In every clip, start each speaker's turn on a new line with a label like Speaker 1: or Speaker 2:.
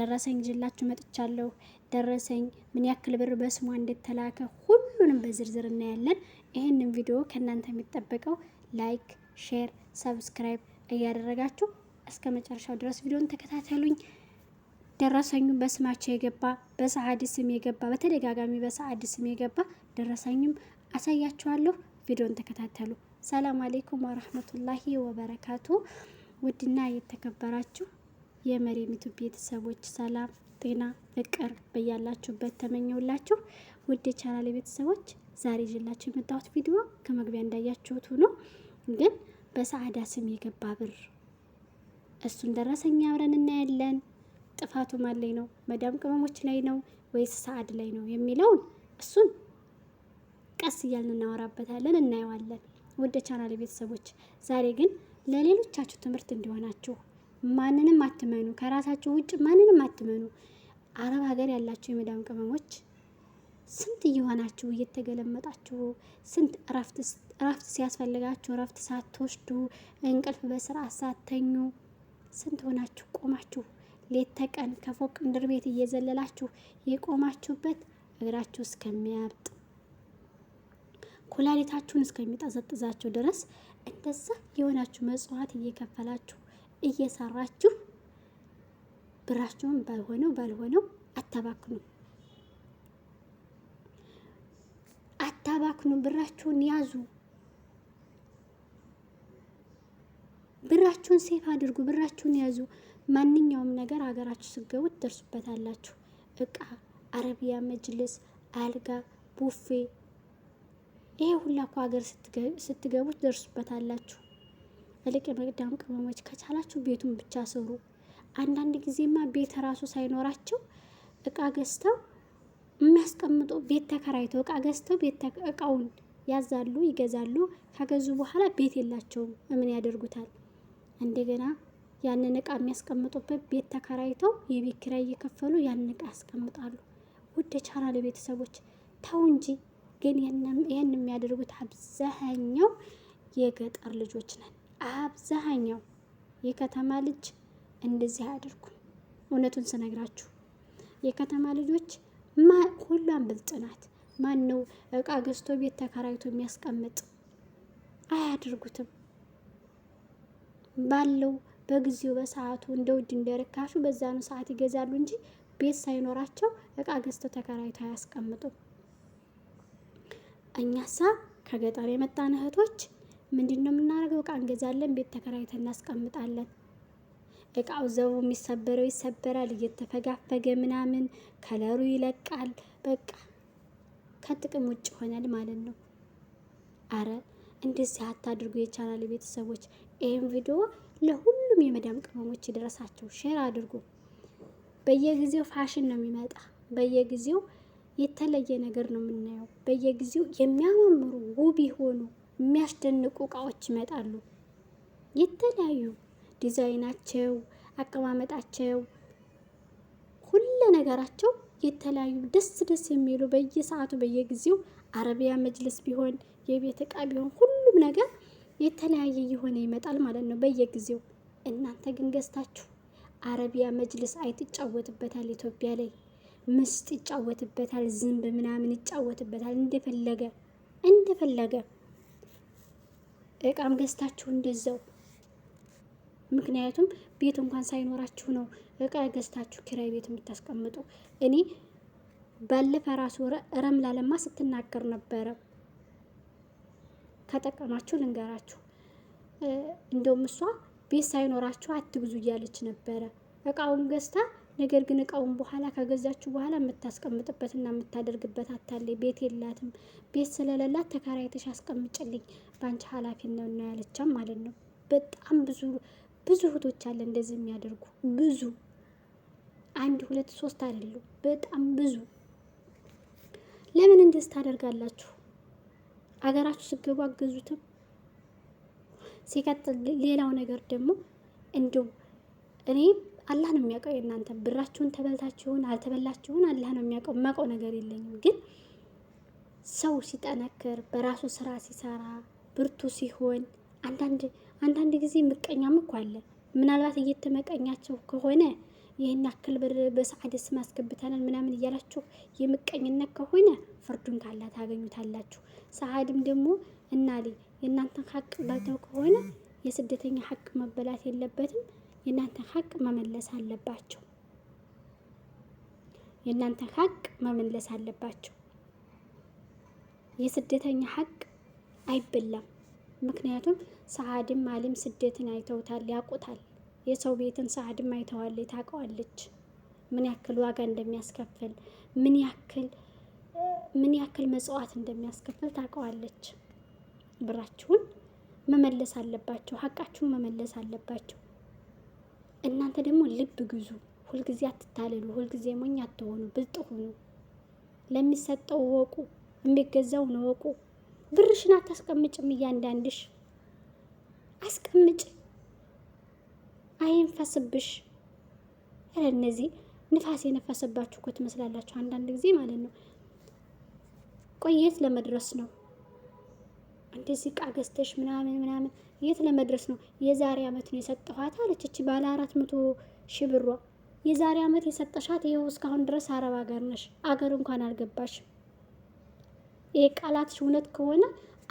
Speaker 1: ደረሰኝ ይዤላችሁ መጥቻለሁ። ደረሰኝ ምን ያክል ብር በስሟ እንደተላከ ሁሉንም በዝርዝር እናያለን። ይህንን ቪዲዮ ከእናንተ የሚጠበቀው ላይክ፣ ሼር፣ ሰብስክራይብ እያደረጋችሁ እስከ መጨረሻው ድረስ ቪዲዮን ተከታተሉኝ። ደረሰኙም በስማቸው የገባ በሰዓድ ስም የገባ በተደጋጋሚ በሰዓድ ስም የገባ ደረሰኝም አሳያችኋለሁ። ቪዲዮን ተከታተሉ። ሰላም አሌይኩም ወረህመቱላሂ ወበረካቱ። ውድና የተከበራችሁ የመሪሚቱ ቤተሰቦች ሰላም፣ ጤና፣ ፍቅር በያላችሁበት ተመኘውላችሁ። ውድ የቻናሌ ቤተሰቦች ዛሬ ይዤላችሁ የመጣሁት ቪዲዮ ከመግቢያ እንዳያችሁት ሆኖ ግን በሰዓዳ ስም የገባ ብር እሱን ደረሰኛ አብረን እናያለን። ጥፋቱ ማን ላይ ነው? መዳም ቅመሞች ላይ ነው ወይስ ሰዓድ ላይ ነው የሚለውን እሱን ቀስ እያልን እናወራበታለን፣ እናየዋለን። ውድ የቻናሌ ቤተሰቦች ዛሬ ግን ለሌሎቻችሁ ትምህርት እንዲሆናችሁ ማንንም አትመኑ፣ ከራሳችሁ ውጭ ማንንም አትመኑ። አረብ ሀገር ያላችሁ የመዳም ቅመሞች ስንት እየሆናችሁ እየተገለመጣችሁ ስንት እረፍት ሲያስፈልጋችሁ እረፍት ሳትወስዱ እንቅልፍ በስርዓት ሳተኙ ስንት ሆናችሁ ቆማችሁ ሌት ተቀን ከፎቅ ምድር ቤት እየዘለላችሁ የቆማችሁበት እግራችሁ እስከሚያብጥ ኩላሊታችሁን እስከሚጠዘጥዛችሁ ድረስ እንደዛ የሆናችሁ መጽዋት እየከፈላችሁ እየሰራችሁ ብራችሁን ባልሆነው ባልሆነው አታባክኑ አታባክኑ። ብራችሁን ያዙ። ብራችሁን ሴፍ አድርጉ። ብራችሁን ያዙ። ማንኛውም ነገር ሀገራችሁ ስገቡት ትደርሱበታላችሁ። እቃ፣ አረቢያ መጅልስ፣ አልጋ፣ ቡፌ ይሄ ሁላ እኮ ሀገር ስትገቡት ትደርሱበታላችሁ። ትልቅ የመቅዳም ቅመሞች ከቻላችሁ ቤቱን ብቻ ስሩ። አንዳንድ ጊዜማ ቤት ራሱ ሳይኖራቸው እቃ ገዝተው የሚያስቀምጡ ቤት ተከራይተው እቃ ገዝተው ቤት እቃውን ያዛሉ፣ ይገዛሉ። ከገዙ በኋላ ቤት የላቸውም። ምን ያደርጉታል? እንደገና ያንን እቃ የሚያስቀምጡበት ቤት ተከራይተው የቤት ኪራይ እየከፈሉ ያንን እቃ ያስቀምጣሉ። ውድ የቻናል ቤተሰቦች ተው እንጂ ግን ይህን የሚያደርጉት አብዛኛው የገጠር ልጆች ነን። አብዛኛው የከተማ ልጅ እንደዚህ አያደርጉም። እውነቱን ስነግራችሁ የከተማ ልጆች ሁሏን ብልጥ ናት። ማን ነው እቃ ገዝቶ ቤት ተከራይቶ የሚያስቀምጥ? አያደርጉትም። ባለው በጊዜው በሰዓቱ እንደ ውድ እንደ በዛ በዛኑ ሰዓት ይገዛሉ እንጂ ቤት ሳይኖራቸው እቃ ገዝተው ተከራይቶ አያስቀምጡም። እኛሳ ከገጠር የመጣን እህቶች ምንድን ነው የምናደርገው? እቃ እንገዛለን፣ ቤት ተከራይተን እናስቀምጣለን። እቃው ዘቡ የሚሰበረው ይሰበራል፣ እየተፈጋፈገ ምናምን ከለሩ ይለቃል። በቃ ከጥቅም ውጭ ይሆናል ማለት ነው። አረ እንደዚህ አታድርጉ የቻናል ቤተሰቦች። ይህም ቪዲዮ ለሁሉም የመዳም ቅመሞች ይድረሳቸው፣ ሼር አድርጉ። በየጊዜው ፋሽን ነው የሚመጣ፣ በየጊዜው የተለየ ነገር ነው የምናየው፣ በየጊዜው የሚያማምሩ ውብ የሆኑ የሚያስደንቁ እቃዎች ይመጣሉ። የተለያዩ ዲዛይናቸው፣ አቀማመጣቸው፣ ሁለ ነገራቸው የተለያዩ ደስ ደስ የሚሉ በየሰዓቱ በየጊዜው አረቢያ መጅልስ ቢሆን የቤት እቃ ቢሆን ሁሉም ነገር የተለያየ የሆነ ይመጣል ማለት ነው በየጊዜው። እናንተ ግን ገዝታችሁ አረቢያ መጅልስ አይት ይጫወትበታል፣ ኢትዮጵያ ላይ ምስጥ ይጫወትበታል፣ ዝንብ ምናምን ይጫወትበታል እንደፈለገ እንደፈለገ እቃም ገዝታችሁ እንደዛው። ምክንያቱም ቤት እንኳን ሳይኖራችሁ ነው እቃ ገዝታችሁ ኪራይ ቤት የምታስቀምጡ። እኔ ባለፈ ራሱ ረምላ ለማ ስትናገር ነበረ። ከጠቀማችሁ ልንገራችሁ። እንደውም እሷ ቤት ሳይኖራችሁ አትግዙ እያለች ነበረ እቃውን ገዝታ ነገር ግን እቃውን በኋላ ከገዛችሁ በኋላ የምታስቀምጥበትና የምታደርግበት አታለይ ቤት የላትም። ቤት ስለሌላት ተከራይተሽ አስቀምጭልኝ በአንቺ ኃላፊነት ነው ያለቻም ማለት ነው። በጣም ብዙ ብዙ እህቶች አለ እንደዚህ የሚያደርጉ ብዙ አንድ ሁለት ሶስት አይደሉ፣ በጣም ብዙ። ለምን እንደዚህ ታደርጋላችሁ? አገራችሁ ስገቡ አገዙትም። ሲቀጥል ሌላው ነገር ደግሞ እንዲሁ እኔ አላህ ነው የሚያውቀው። የእናንተ ብራችሁን ተበልታችሁን አልተበላችሁን አላህ ነው የሚያውቀው። የማውቀው ነገር የለኝም። ግን ሰው ሲጠነክር በራሱ ስራ ሲሰራ ብርቱ ሲሆን አንዳንድ አንዳንድ ጊዜ ምቀኛም እኮ አለ። ምናልባት እየተመቀኛቸው ከሆነ ይህን ያክል ብር በሰዓት ስም ምናምን እያላችሁ የምቀኝነት ከሆነ ፍርዱን ካላ ታገኙታላችሁ። ሰዓድም ደግሞ እና የእናንተን ሀቅ በልተው ከሆነ የስደተኛ ሀቅ መበላት የለበትም። የእናንተ ሀቅ መመለስ አለባቸው። የእናንተ ሀቅ መመለስ አለባቸው። የስደተኛ ሀቅ አይበላም። ምክንያቱም ሰዓድም አሊም ስደትን አይተውታል፣ ያውቁታል። የሰው ቤትን ሰዓድም አይተዋል፣ ታውቀዋለች። ምን ያክል ዋጋ እንደሚያስከፍል ምን ያክል ምን ያክል መጽዋዕት እንደሚያስከፍል ታውቀዋለች። ብራችሁን መመለስ አለባቸው። ሀቃችሁን መመለስ አለባቸው። እናንተ ደግሞ ልብ ግዙ። ሁልጊዜ አትታለሉ። ሁልጊዜ ሞኝ አትሆኑ፣ ብልጥ ሁኑ። ለሚሰጠው እወቁ፣ የሚገዛውን እወቁ። ብርሽን አታስቀምጭም። እያንዳንድሽ አስቀምጭ፣ አይንፈስብሽ። ኧረ እነዚህ ንፋስ የነፈሰባችሁ እኮ ትመስላላችሁ አንዳንድ ጊዜ ማለት ነው። ቆየት ለመድረስ ነው እንደዚህ እቃ ገዝተሽ ምናምን ምናምን የት ለመድረስ ነው? የዛሬ አመት ነው የሰጠኋት አለች። ባለ አራት መቶ ሺ ብሯ የዛሬ አመት የሰጠሻት ይኸው እስካሁን ድረስ አረብ ሀገር ነሽ፣ አገር እንኳን አልገባሽም። ይሄ ቃላትሽ እውነት ከሆነ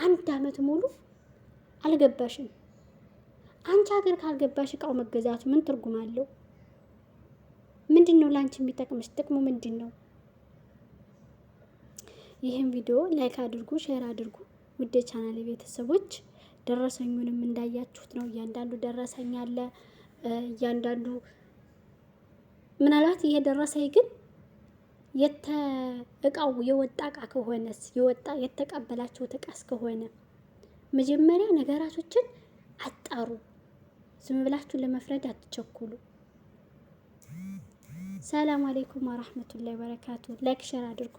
Speaker 1: አንድ አመት ሙሉ አልገባሽም። አንቺ ሀገር ካልገባሽ እቃው መገዛቱ ምን ትርጉም አለው? ምንድን ነው ለአንቺ የሚጠቅምሽ? ጥቅሙ ምንድን ነው? ቪዲዮ ላይክ አድርጉ፣ ሼር አድርጉ። ውድ ቻናል ቤተሰቦች ደረሰኙንም እንዳያችሁት ነው። እያንዳንዱ ደረሰኝ አለ። እያንዳንዱ ምናልባት ይሄ ደረሰኝ ግን እቃው የወጣ እቃ ከሆነስ የወጣ የተቀበላችሁት እቃስ ከሆነ መጀመሪያ ነገራቶችን አጣሩ። ዝም ብላችሁ ለመፍረድ አትቸኩሉ። ሰላም አሌይኩም ወራህመቱላሂ ወበረካቱ። ላይክ ሸር አድርጉ።